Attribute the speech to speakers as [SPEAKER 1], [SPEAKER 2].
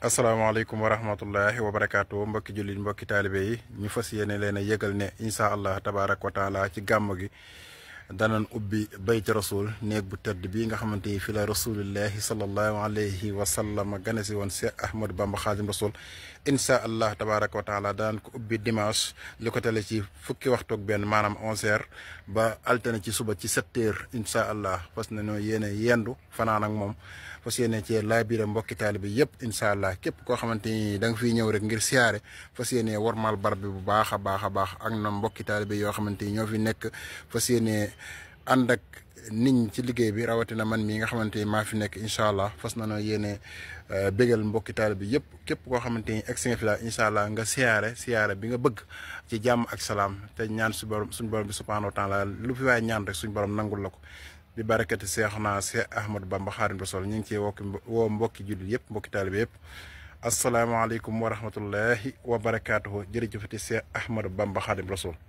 [SPEAKER 1] asalaamaaleykum wa rahmatullahi wa mbokki jullit mbokki taalibe yi ñu fas yéene leen a yëgal ne incha allah tabaaraka wa ci gàmm gi. دانا نوبي بيت رسول نيك بو تيد بيغا خامتي في لا رسول الله صلى الله عليه وسلم غنسي وان احمد بام خادم رسول ان شاء الله تبارك وتعالى دان كو اوبي ديماش لوكو تالي سي فكي وقتوك بن با التنا سي صبح ان شاء الله فاسنا نو يينه ياندو فنان اك موم fasiyene ci lay bi re mbokki talibi yep inshallah kep ko xamanteni dang fi ñew rek ngir siaré fasiyene wormal barbe bu baaxa baaxa baax ak na mbokki talibi yo xamanteni ño fi nek fasiyene ànd ak nit ñi ci liggéey bi rawatina man mii nga xamante ni maa fi nekk incha allah fas na noo yéene euh, bégal mbokki taal bi yëpp képp koo xamante ni egg si nga fi laa incha allah nga siyaare siyaare bi nga bëgg ci jàmm ak salaam te ñaan su borom suñu borom bi subhanahu wa taala lu fi waaye ñaan rek suñu borom nangul la ko di barakati Seexna Seex Ahmadu Bamba Xaadimu Rasuul ñu ngi cee wokki woo mbokki jullit yëpp mbokki taal bi yëpp asalaamaaleykum wa rahmatullahi wa barakaatuhu jërëjëfati
[SPEAKER 2] Seex Ahmadu Bamba Xaadimu Rasuul